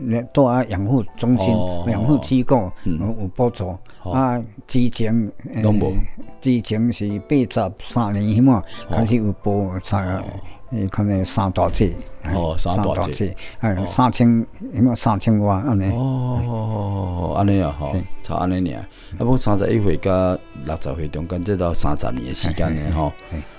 喺啲啊養護中心、養護機構有補助，啊之前攏無，之前是八十三年起嘛，開始有補三，可能三大節，哦，三大節，係三千，起碼三千蚊，安尼，哦，安尼啊，樣差安尼爾啊，不三十一歲加六十歲，中間即到三十年嘅時間咧，嚇。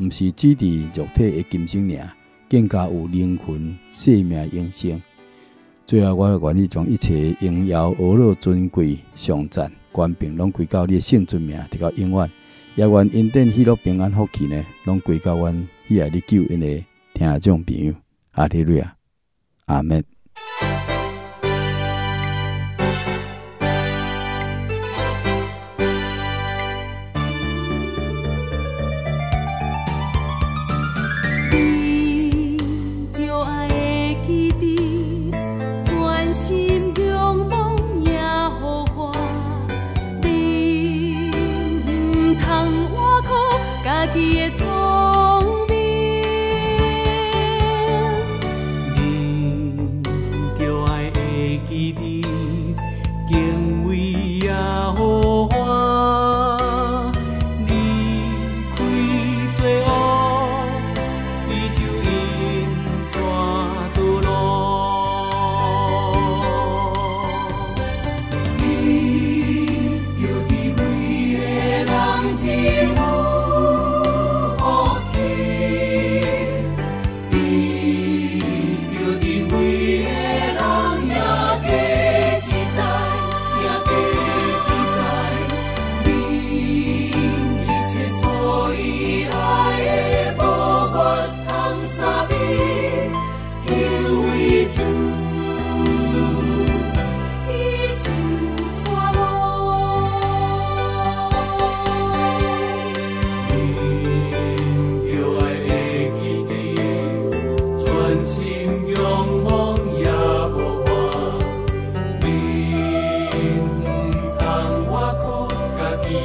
唔是只地肉體嘅今生命，更加有靈魂、生命、永生。最後，我嘅願意將一切榮耀、歡樂、尊貴、上贊、官平攏歸到你嘅聖尊名，直到永遠。也願因頂喜樂、平安、福氣呢，攏歸到我。以下的九位聽眾朋友，阿提瑞啊，阿們。